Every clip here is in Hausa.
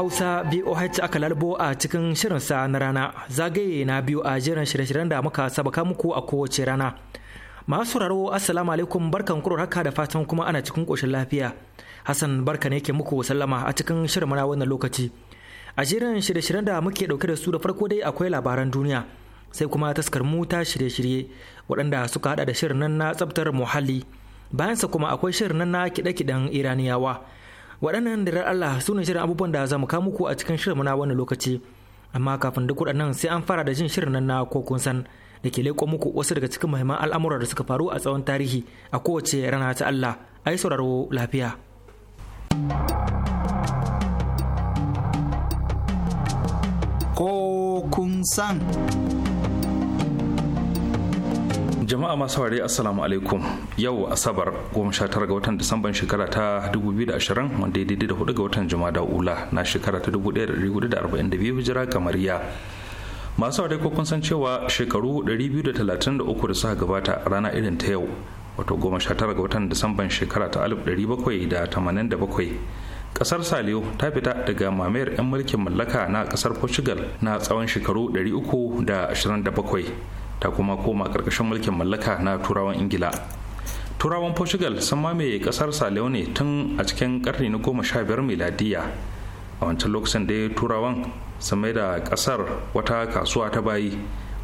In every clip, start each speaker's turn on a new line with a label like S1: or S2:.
S1: Hausa BOH aka lalbo a cikin shirinsa na rana zagaye na biyu a jiran shirye-shiryen da muka sabaka muku a kowace rana. Masu sauraro Assalamu alaikum barkan kuro haka da fatan kuma ana cikin ƙoshin lafiya. Hassan barka ne ke muku sallama a cikin shirin muna wannan lokaci. A jiran shirye-shiryen da muke ɗauke da su da farko dai akwai labaran duniya sai kuma taskar mu ta shirye-shirye waɗanda suka haɗa da shirin nan na tsabtar muhalli. Bayansa kuma akwai shirin nan na kiɗe-kiɗen Iraniyawa. waɗannan da Allah su ne shirin abubuwan da za mu kawo muku a cikin shirin na wannan lokaci amma kafin duk waɗannan sai an fara da jin shirin nan na ko san da ke leƙo muku wasu daga cikin muhimman al'amura da suka faru a tsawon tarihi a kowace rana ta Allah ai sauraro lafiya.
S2: Ko kun san.
S3: jama'a masu ware assalamu alaikum yau asabar 19 ga watan disamban shekara ta 2020 wanda ya daidai da hudu ga watan jumada ula na shekara ta 1442 hijira kamariya masu ware kun san cewa shekaru 233 da suka gabata rana irin ta yau wato 19 ga watan disamban shekara ta 1787 kasar saliyo ta fita daga mamayar 'yan mulkin mallaka na kasar portugal na tsawon shekaru 327 ta kuma koma ƙarƙashin mulkin mallaka na turawan ingila turawan portugal sun mamaye ƙasar leone tun a cikin ƙarni na goma sha biyar miladiya a wancan lokacin da turawan sun mai da ƙasar wata kasuwa ta bayi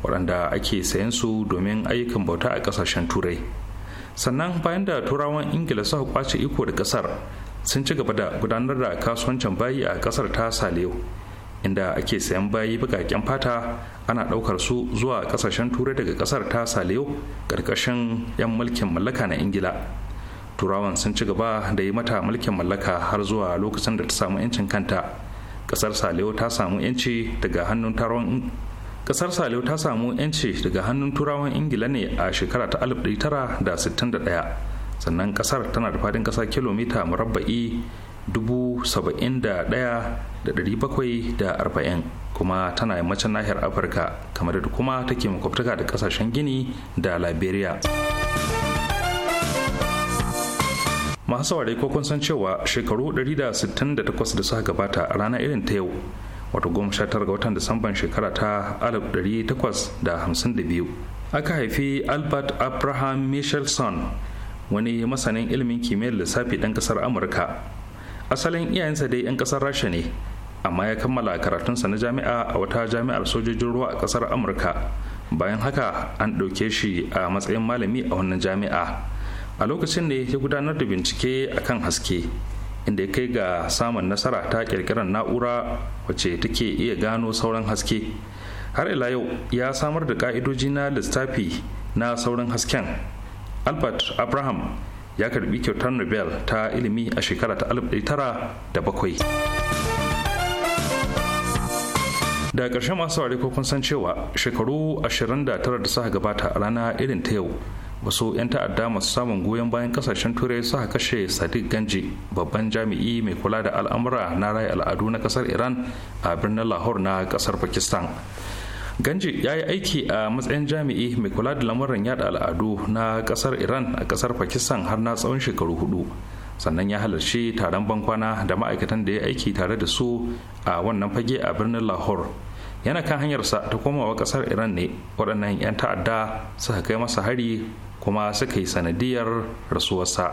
S3: waɗanda ake sayan su domin ayyukan bauta a ƙasashen turai sannan bayan da turawan ingila suka kwace iko da ƙasar sun ci gaba da gudanar da kasuwancin bayi a ƙasar ta saliyo inda ake sayan bayi bakaken fata ana ɗaukar su zuwa kasashen turai daga ƙasar ta saliyo ƙarƙashin 'yan mulkin mallaka na ingila turawan sun ci gaba da yi mata mulkin mallaka har zuwa lokacin da ta samu 'yancin kanta ƙasar saliyo ta samu 'yanci daga hannun taron kasar ta samu 'yanci daga hannun turawan ingila ne a shekara ta 1961 sannan kasar tana da fadin kasa kilomita murabba'i 71,740 kuma tana yammacin nahiyar afirka kamar da kuma take makwabtaka da kasashen gini da liberia masu saurari ko kun san cewa shekaru 168 da suka gabata a ranar irin ta yau wato 19 ga watan disamban shekara ta 1852 aka haifi albert abraham michelson wani masanin ilimin kimiyyar lissafi ɗan ƙasar amurka asalin iyayensa dai 'yan kasar rasha ne amma ya kammala karatunsa na jami'a a wata jami'ar sojojin ruwa a kasar amurka bayan haka an ɗauke shi a matsayin malami a wannan jami'a a lokacin ne ya gudanar da bincike a kan haske inda ya kai ga samun nasara ta kirkirar na'ura wacce take iya gano sauran haske har ila yau ya samar da ƙa'idoji na lissafi na sauran hasken albert abraham ya karbi kyautar nobel ta ilimi a shekara ta 1907 da ƙarshe masu ware kun san cewa shekaru 29 da suka gabata a rana irin ta yau wasu 'yan ta'adda masu samun goyon bayan kasashen turai suka kashe sadiq ganji babban jami'i mai kula da al'amura na raya al'adu na kasar iran a birnin lahore na kasar pakistan ganji ya yi aiki a matsayin jami'i mai kula da lamuran yada al'adu na kasar iran a kasar pakistan har na tsawon shekaru hudu sannan ya halarci taron bankwana da ma'aikatan da ya aiki tare da su a wannan fage a birnin lahore yana kan hanyarsa ta komawa kasar iran ne waɗannan 'yan ta'adda suka kai masa hari kuma suka yi sanadiyar rasuwarsa.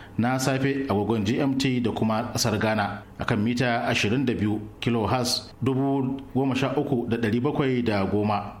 S4: na safe agogon gmt da kuma kasar ghana a kan mita 22 kilohertz 13710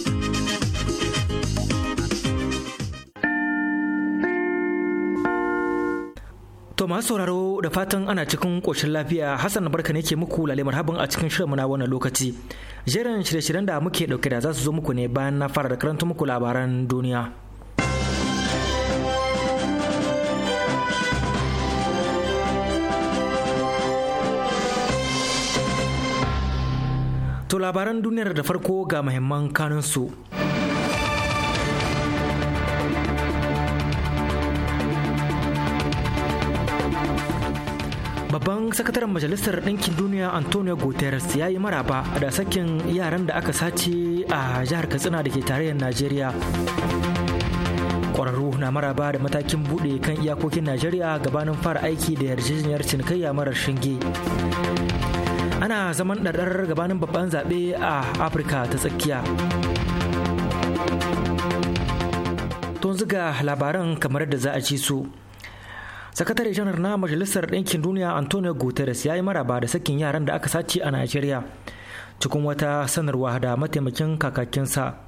S1: To masu sauraro da fatan ana cikin ƙoshin lafiya Hassan barka ne ke muku lale marhaban a cikin shirin na wannan lokaci. Jerin shirye-shiryen da muke ɗauke da za su zo muku ne bayan na fara da karanta muku labaran duniya. To labaran duniyar da farko ga muhimman kanunsu. su. Babban sakataren Majalisar Ɗinkin Duniya Antonio Guterres ya yi maraba da sakin yaran da aka sace a jihar Katsina da ke tarayyar Najeriya. Ƙwararru na maraba da matakin buɗe kan iyakokin Najeriya gabanin fara aiki da yarjejeniyar cinikayya marar shinge. Ana zaman ɗarɗar gabanin babban zaɓe a Afirka ta tsakiya. Tun ziga labaran kamar da za a ci su. sakatare janar na majalisar ɗinkin duniya antonio guterres ya yi maraba da sakin yaran da aka sace a nigeria cikin wata sanarwa da mataimakin kakakinsa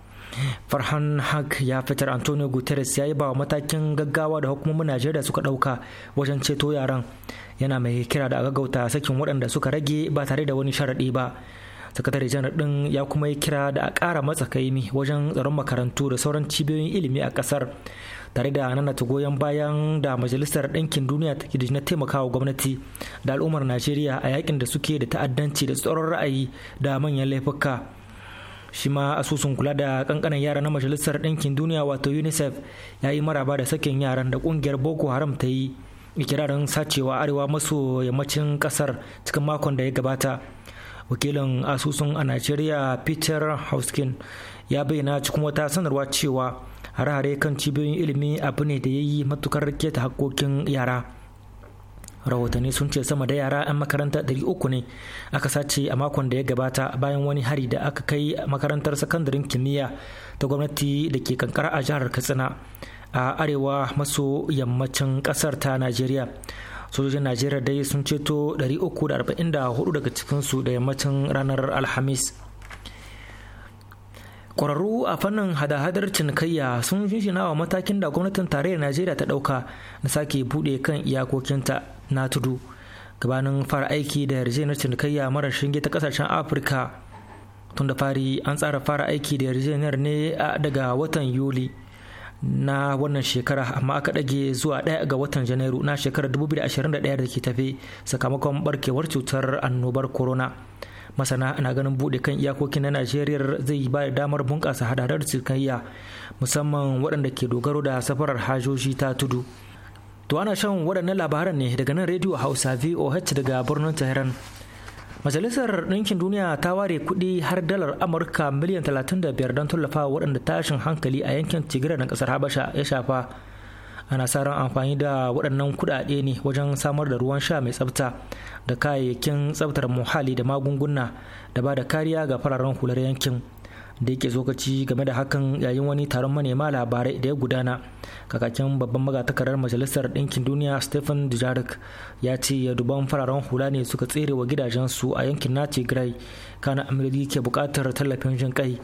S1: farhan hak ya fitar antonio guterres ya yi bawa matakin gaggawa da hukumomin najeriya suka ɗauka wajen ceto yaran yana mai kira da gaggauta sakin waɗanda suka rage ba tare da wani sharaɗi ba sakatare janar ɗin ya kuma yi kira da a ƙara matsakaimi wajen tsaron makarantu da sauran cibiyoyin ilimi a ƙasar tare da nanata goyon bayan da majalisar ɗinkin duniya take da na taimakawa gwamnati da al'ummar najeriya a yakin da suke da ta'addanci da tsoron ra'ayi da manyan laifuka shi ma asusun kula da kankanan yara na majalisar ɗinkin duniya wato unicef ya yi maraba da sakin yaran da ƙungiyar boko haram ta yi ikirarin sacewa arewa maso yammacin kasar cikin makon da ya gabata wakilin asusun a nigeria peter hauskin ya bayyana cikin wata sanarwa cewa hare-hare kan cibiyoyin ilimi abu ne da ya yi matukar keta hakokin yara rahotanni sun ce sama da yara 'yan makaranta 300 ne aka sace a makon da ya gabata bayan wani hari da aka kai makarantar sakandaren kimiyya ta gwamnati da ke kankara a jihar katsina a arewa maso yammacin kasar ta najeriya sojojin najeriya dai sun ceto 344 daga cikinsu da yammacin ranar alhamis kwararru a fannin hada-hadar cinikayya sun shinshina wa matakin da gwamnatin tarayyar najeriya ta dauka na sake bude kan iyakokinta na tudu gabanin fara aiki da yarjejeniyar cinikayya mara shinge ta kasashen afirka tun da fari an tsara fara aiki da yarjejeniyar ne daga watan yuli na wannan shekara amma aka ɗage zuwa ɗaya ga watan janairu na shekarar 2021 da ke tafe sakamakon barkewar cutar annobar corona masana na ganin buɗe kan iyakokin na najeriya zai ba da damar bunƙasa hadadar sukayya. musamman waɗanda ke dogaro da safarar hajoji ta tudu to ana shan waɗannan labaran ne daga nan rediyo hausa voh daga birnin tehran majalisar ɗinkin duniya ta ware kuɗi har dalar amurka miliyan 35 don tallafa waɗanda tashin hankali a yankin tigray na ƙasar habasha ya shafa ana sa ran amfani da waɗannan kuɗaɗe ne wajen samar da ruwan sha mai tsafta da kayayyakin tsaftar muhalli da magunguna da ba da kariya ga fararen hular yankin da yake zokaci game da hakan yayin wani taron manema labarai da ya gudana kakakin babban magatakarar majalisar ɗinkin duniya stephen dujarik ya ce ya duban fararen hula ne suka tsere wa gidajensu a yankin na tigray kana amurki ke buƙatar tallafin jin kai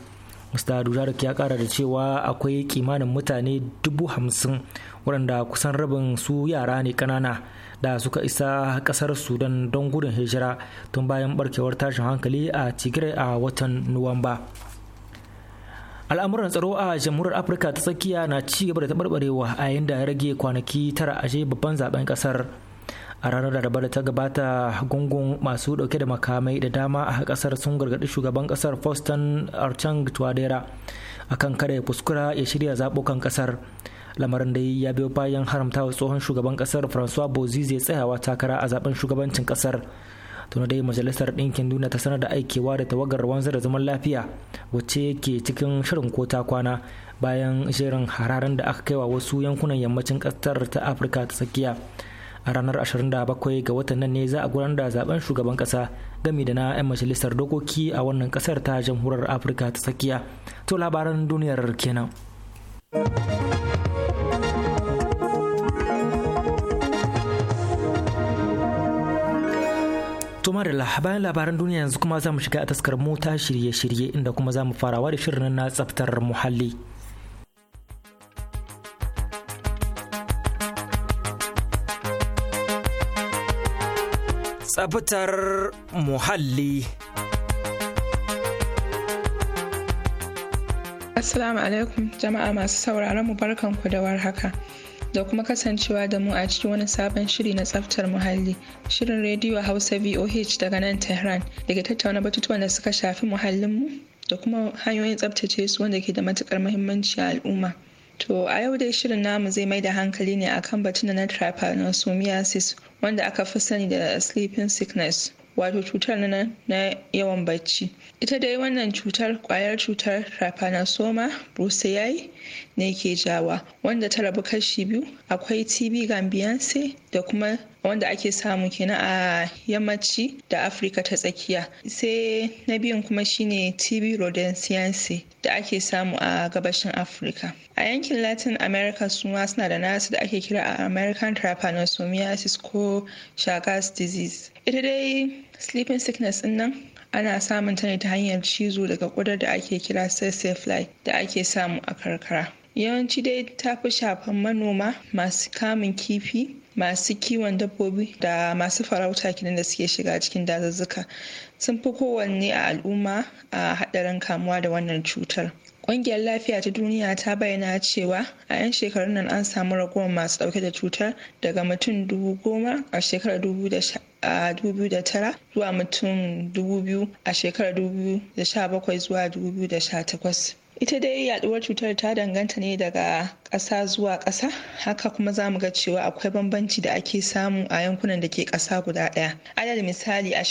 S1: mr dujarik ya kara da cewa akwai kimanin mutane dubu hamsin waɗanda kusan rabin su yara ne ƙanana da suka isa ƙasar sudan don gudun hijira tun bayan barkewar tashin hankali a tigray a watan nuwamba al'amuran tsaro a jamhuriyar afirka ta tsakiya na ci gaba da taɓarɓarewa a yayin da ya rage kwanaki tara a babban zaben ƙasar a ranar da da ta gabata gungun masu dauke da makamai da dama a kasar sun gargaɗi shugaban kasar faustin archang tuadera kan kada ya kuskura ya shirya zaɓukan kasar lamarin da ya biyo bayan haramta wa tsohon shugaban kasar francois bozize tsayawa takara a zaben shugabancin kasar tuna dai majalisar ɗinkin duniya ta sanar da aikewa da tawagar wanzar da zaman lafiya wacce ke cikin shirin ko ta kwana bayan shirin hararen da aka kai wa wasu yankunan yammacin ƙasar ta afirka ta tsakiya a ranar 27 ga watan nan ne za a gudanar da zaben shugaban ƙasa gami da na 'yan majalisar dokoki a wannan kasar ta jamhuriyar afirka ta tsakiya to labaran duniyar kenan To Marilla bayan labaran duniya yanzu kuma za mu shiga a taskar mota shirye-shirye inda kuma za mu farawa da shirin na tsaftar muhalli. Tsaftar muhalli.
S2: Assalamu alaikum jama'a masu sauraron mu barkanku da war haka. da kuma kasancewa da mu a cikin wani sabon shiri na tsaftar muhalli. Shirin rediyo Hausa VOH daga nan Tehran daga tattauna batutuwan da suka shafi muhallinmu da kuma hanyoyin tsaftace su wanda ke da matukar muhimmanci a al'umma. To a yau dai shirin namu zai mai da hankali ne akan batun na trypanosomiasis wanda aka fi sani da sleeping sickness. wato cutar nan na yawan bacci ita dai wannan cutar kwayar cutar trypanosoma brucei ne ke jawa wanda ta rabu kashi biyu akwai tb gambiyanse da kuma wanda ake samu kenan a yammaci da afirka ta tsakiya sai na biyun kuma shine tb rodensiense da ake samu a gabashin afirka a yankin latin america suma suna da nasu da ake kira a american trypanosomiasis ko chagas disease ita dai sleeping sickness din nan ana samun ta ne ta hanyar cizo daga ƙudar da ake kira sassay fly da ake samu a karkara yawanci dai ta fi shafan manoma masu kamun kifi masu kiwon dabbobi da masu farauta kinan da suke shiga cikin dazuzzuka sun fi kowanne a al'umma a hadarin kamuwa da wannan cutar Ƙungiyar Lafiya ta Duniya ta bayyana cewa a 'yan shekarun nan an samu ragowar masu dauke da cutar daga mutum dubu goma a shekarar a 2009 zuwa mutum 2000 a shekarar 2017 zuwa 2018 ita dai yaduwar cutar ta danganta ne daga ƙasa zuwa ƙasa haka kuma za mu ga cewa akwai bambanci da ake samu a yankunan da ke ƙasa guda ɗaya adadin misali a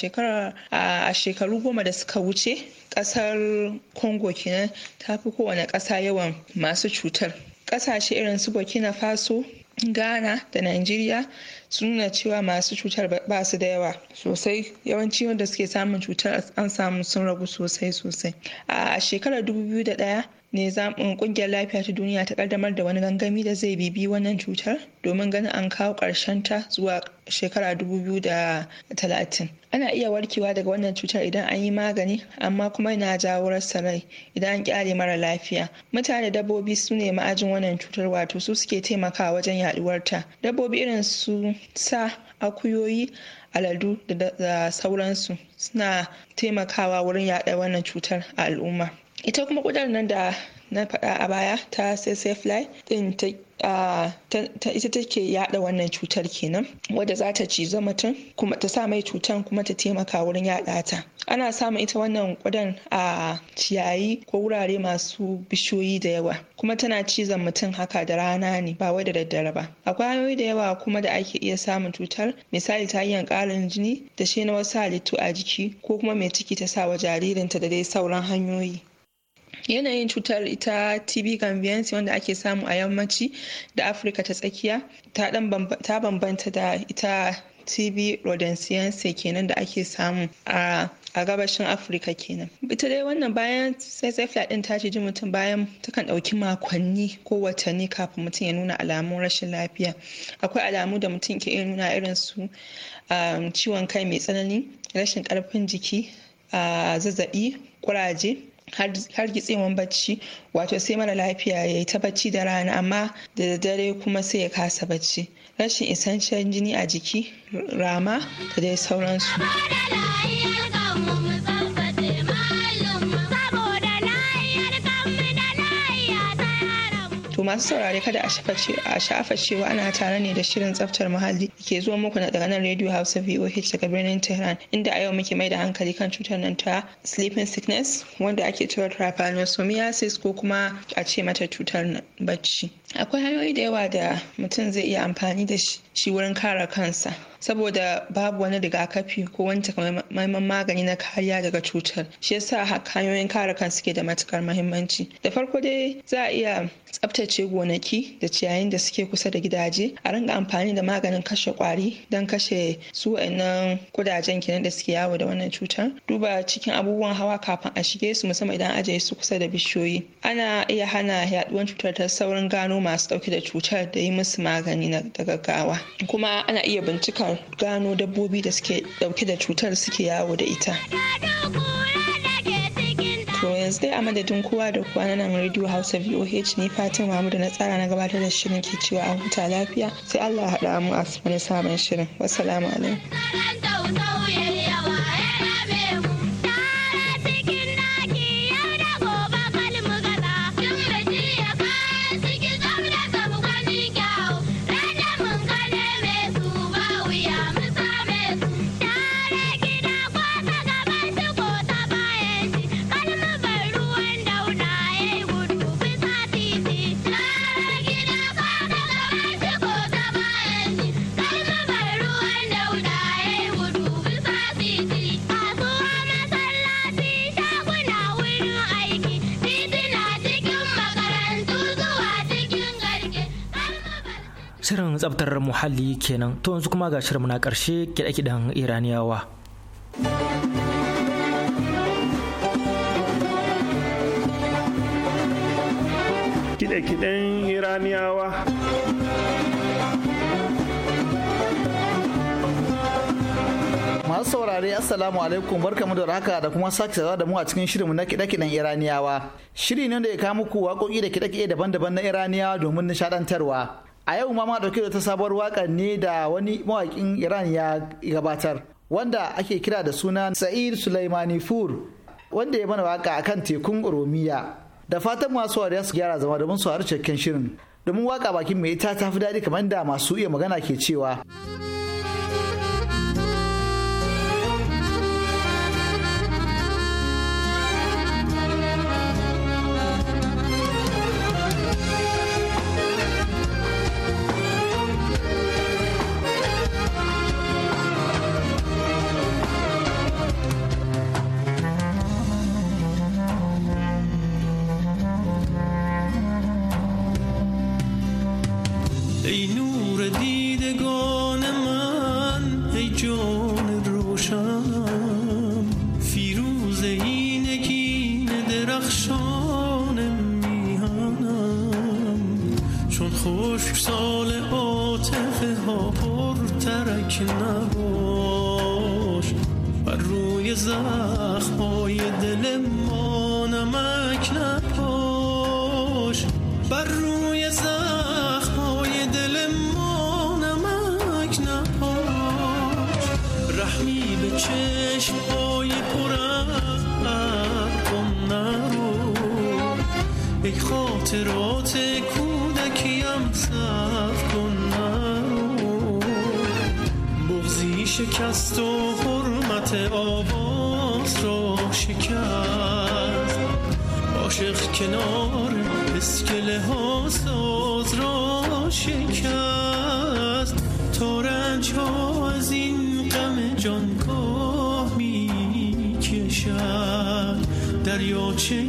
S2: shekaru goma da suka wuce ƙasar congo kenan ta fi kowane ƙasa yawan masu cutar ƙasashe irin su burkina faso ghana da nigeria sun nuna cewa masu cutar ba su da yawa sosai yawanci wanda suke samun cutar an samu sun ragu sosai sosai a shekarar 2001 ne zaɓin um, ƙungiyar lafiya ta duniya ta ƙaddamar da wani gangami da zai bibi wannan cutar domin ganin an kawo ƙarshen ta zuwa shekara da talatin. ana iya warkewa daga wannan cutar idan an yi magani amma kuma yana jawo rasa rai idan an kyale mara lafiya mutane dabbobi su ne ma'ajin wannan cutar wato su suke taimakawa wajen yaduwar ta dabbobi irin su sa akuyoyi aladu da sauransu suna taimakawa wurin yaɗa wannan cutar a al'umma ita kuma kudar nan da na faɗa a baya ta fly din ta ita take yada wannan cutar kenan wadda za ta ciza mutum kuma ta sa mai cutar kuma ta taimaka wurin yada ta ana samun ita wannan ƙudan a ciyayi ko wurare masu bishiyoyi da yawa kuma tana cizon mutum haka da rana ne ba wai da daddare ba akwai hanyoyi da yawa kuma da ake iya samun cutar misali ta hanyar karin jini da shi na wasu halittu a jiki ko kuma mai ciki ta sa wa jaririnta da dai sauran hanyoyi yanayin cutar ita tb conveyance wanda ake samu a yammaci da afirka ta tsakiya ta bambanta da ita tb rodensiense kenan da ake samu a gabashin afirka kenan ita dai wannan bayan sai din ta ji mutum bayan takan ɗauki makonni ko watanni kafin mutum ya nuna alamun rashin lafiya akwai alamu da mutum ke iya nuna irin su um, ciwon kai mai tsanani rashin karfin jiki um, zazzaɓi kuraje har gitsewan bacci wato sai mara lafiya ya yi ta bacci da rana amma da dare kuma sai ya kasa bacci rashin isancen jini a jiki rama da dai sauransu masu saurare kada a shafa cewa ana tare ne da shirin tsaftar muhalli ke zuwa muku na nan Radio Hausa VOH daga birnin Tehran inda a yau muke mai da hankali kan cutar nan ta sleeping sickness wanda ake cewa trypanosomiasis ko kuma a ce mata cutar bacci. akwai hanyoyi da yawa da mutum zai iya amfani da shi wurin kare kansa saboda babu wani rigakafi ko wani takamaiman magani na kariya daga cutar shi yasa hanyoyin kare kansa suke da matukar mahimmanci da farko dai za a iya tsabtace gonaki da ciyayin da suke kusa da gidaje a ringa amfani da maganin kashe kwari don kashe su wa'annan ƙudajen kenan da suke yawo da wannan cutar duba cikin abubuwan hawa kafin a shige su musamman idan ajiye su kusa da bishiyoyi ana iya hana yaɗuwar cutar ta saurin gano masu dauke da cutar da yi musu magani na gaggawa kuma ana iya bincikar gano dabbobi da suke dauke da cutar suke yawo da ita to yanzu dai a madadin kowa da kowa na nan radio hausa voh ne mamu da na tsara na gabatar da shirin ke cewa a huta lafiya sai allah haɗa mu a wani sabon shirin wasu alaikum
S1: tsabtar muhalli kenan to yanzu kuma ga shirin na karshe kiɗe-kiɗen iraniyawa
S5: kiɗe
S6: iraniyawa masu saurare assalamu alaikum barkamu da raka da kuma sake sa da mu a cikin shirinmu na kiɗe-kiɗen iraniyawa shiri ne da ya kawo muku waƙoƙi da kiɗe-kiɗe daban-daban na iraniyawa domin nishaɗantarwa a yau ma ma dauke da ta sabuwar waka ne da wani mawaƙin iran ya gabatar wanda ake kira da suna sa'id sulaimani fur wanda ya mana waka akan tekun oromiya da fatan masu wariya su gyara zama domin su harshe shirin domin waka bakin mai ita ta fi daɗi kamar da masu iya magana ke cewa.
S5: خشک سال عاطفه ها پر ترک نباش بر روی زخمای دل ما نمک نپاش بر روی زخمای دل ما نمک نپاش رحمی به چشم های پرم نرو ای خاطرات شکست و حرمت آواز را شکست عاشق کنار اسکله ها ساز را شکست تا رنج ها از این غم جانگاه می کشد دریاچه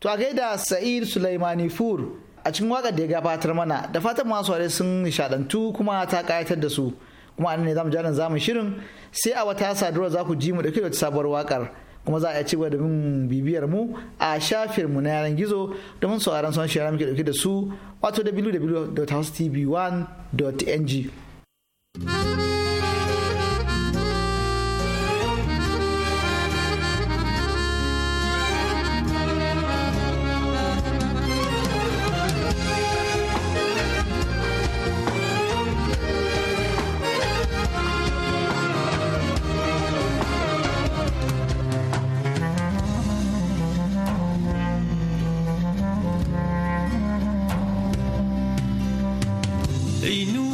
S6: to a gaida sa'id sulaimani fur a cikin wakar da ya gabatar mana da fatan masu ware sun nishadantu kuma ta kayatar da su kuma anan ne zamu jaran zamu shirin sai a wata sadarwa za ku ji mu dauke da sabuwar wakar kuma za a ci gaba da bin bibiyar mu a shafin mu na yanar gizo domin sauraron son shirin muke dauke da su wato wwwtv 1ng
S5: They knew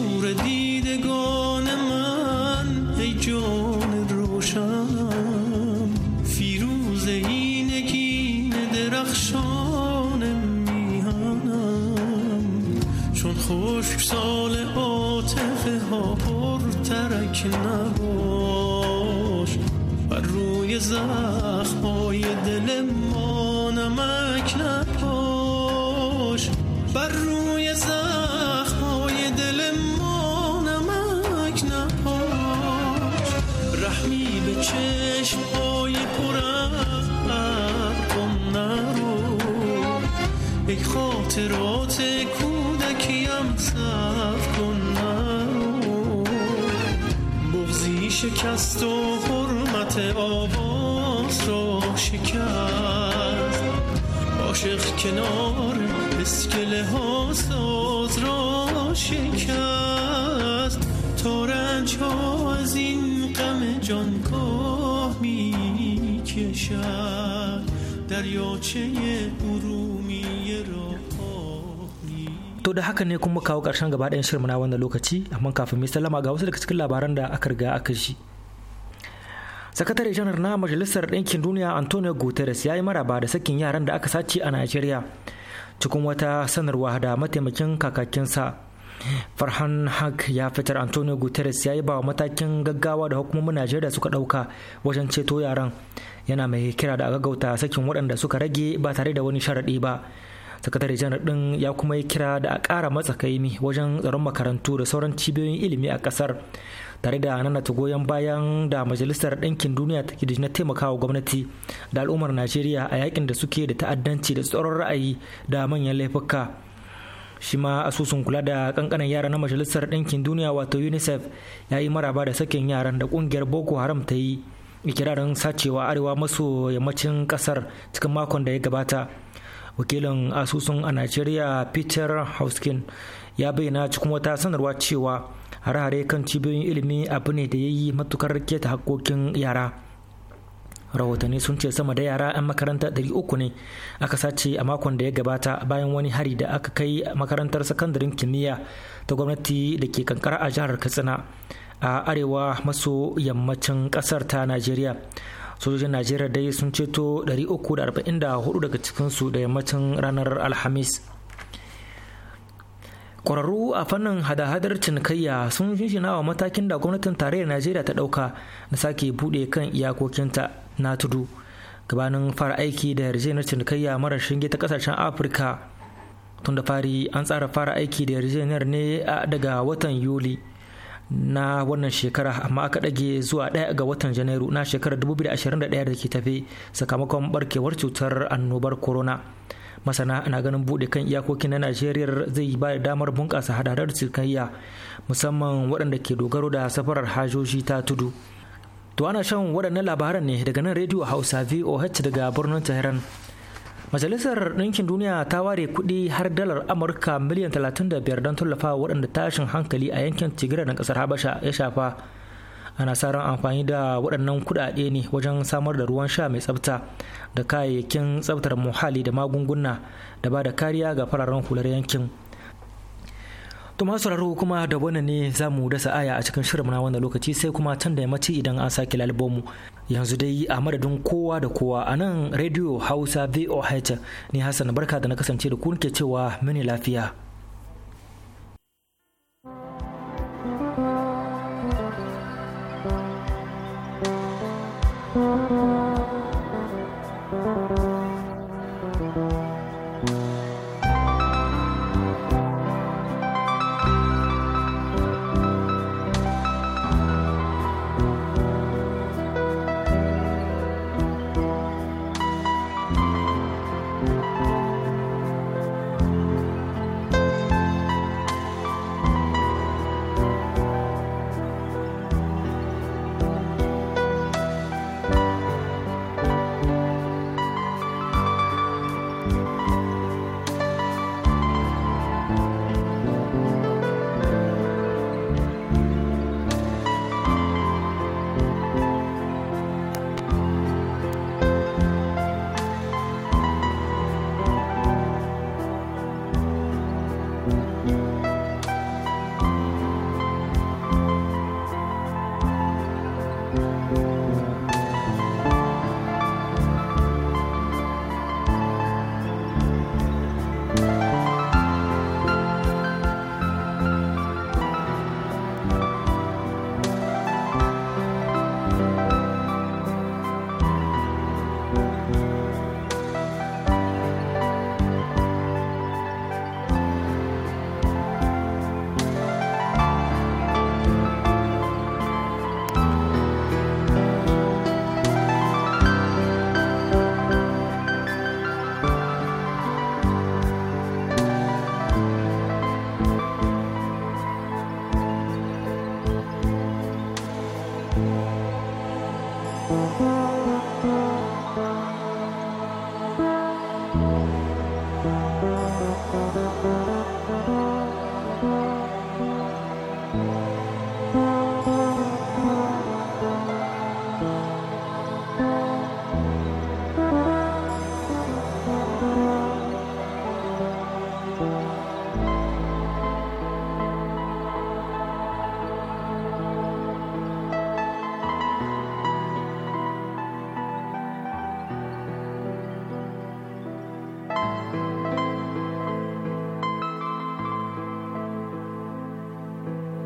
S5: عاشق کنار اسکله ها ساز را شکست تا رنج ها از این غم جانگاه می کشد دریاچه ارومیه را
S1: To da haka ne kuma kawo karshen gaba ɗayan shirma na wannan lokaci, amma kafin mai sallama ga wasu daga cikin labaran da aka riga aka shi. sakatare janar na majalisar ɗinkin duniya antonio guterres ya yi maraba da sakin yaran da aka sace a nigeria cikin wata sanarwa da mataimakin kakakinsa farhan hak ya fitar antonio guterres ya yi ba matakin gaggawa da hukumomin najeriya suka ɗauka wajen ceto yaran yana mai kira da gaggauta sakin waɗanda suka rage ba tare da wani sharaɗi ba sakatare janar ɗin ya kuma yi kira da a ƙara matsakaimi wajen tsaron makarantu da sauran cibiyoyin ilimi a ƙasar tare da nanata goyon bayan da majalisar ɗinkin duniya ta da na taimakawa gwamnati da al'ummar najeriya a yakin da suke da ta'addanci da tsoron ra'ayi da manyan laifuka shi ma asusun kula da kankanan yara na majalisar ɗinkin duniya wato unicef ya yi maraba da sakin yaran da kungiyar boko haram ta yi ikirarin sacewa arewa maso yammacin kasar cikin makon da ya gabata wakilin asusun a najeriya peter hauskin ya bayyana cikin wata sanarwa cewa harare kan cibiyoyin ilimi abu ne da ya yi matukar keta hakokin yara rahotanni sun ce sama da yara 'yan makaranta 300 ne aka sace a makon da ya gabata bayan wani hari da aka kai makarantar sakandaren kimiyya ta gwamnati da ke kankara a jihar katsina a arewa maso yammacin kasar ta najeriya sojojin najeriya dai sun ceto 344 daga cikinsu da yammacin ranar alhamis kwararru a fannin hada-hadar cinikayya sun shinshina wa matakin da gwamnatin tarayyar najeriya ta ɗauka na sake buɗe kan iyakokinta na tudu gabanin fara aiki da yarjejeniyar cinikayya mara shinge ta kasashen afirka tun da fari an tsara fara aiki da yarjejeniyar ne daga watan yuli na wannan shekara amma aka ɗage zuwa ɗaya ga watan janairu na shekarar 2021 da ke tafe sakamakon barkewar cutar annobar corona masana na ganin bude kan iyakokin na najeriya zai ba da damar bunƙasa hadadar cinikayya musamman waɗanda ke dogaro da safarar hajoji ta tudu to ana shan waɗannan labaran ne daga nan rediyo hausa voh daga birnin tehran Majalisar Ɗinkin Duniya ta ware kuɗi har dalar Amurka miliyan 35 don tallafa waɗanda tashin hankali a yankin tigira na ƙasar Habasha ya shafa ana sa ran amfani da waɗannan kuɗaɗe ne wajen samar da ruwan sha mai tsafta da kayayyakin tsaftar muhalli da magunguna da ba da kariya ga fararen hular yankin to masu sauraro kuma da wani ne za mu dasa aya a cikin shirin na wannan lokaci sai kuma can da yammaci idan an sake lalbomu yanzu dai a madadin kowa da kowa a nan radio hausa voh ne hassan barka da na kasance da ku cewa mini lafiya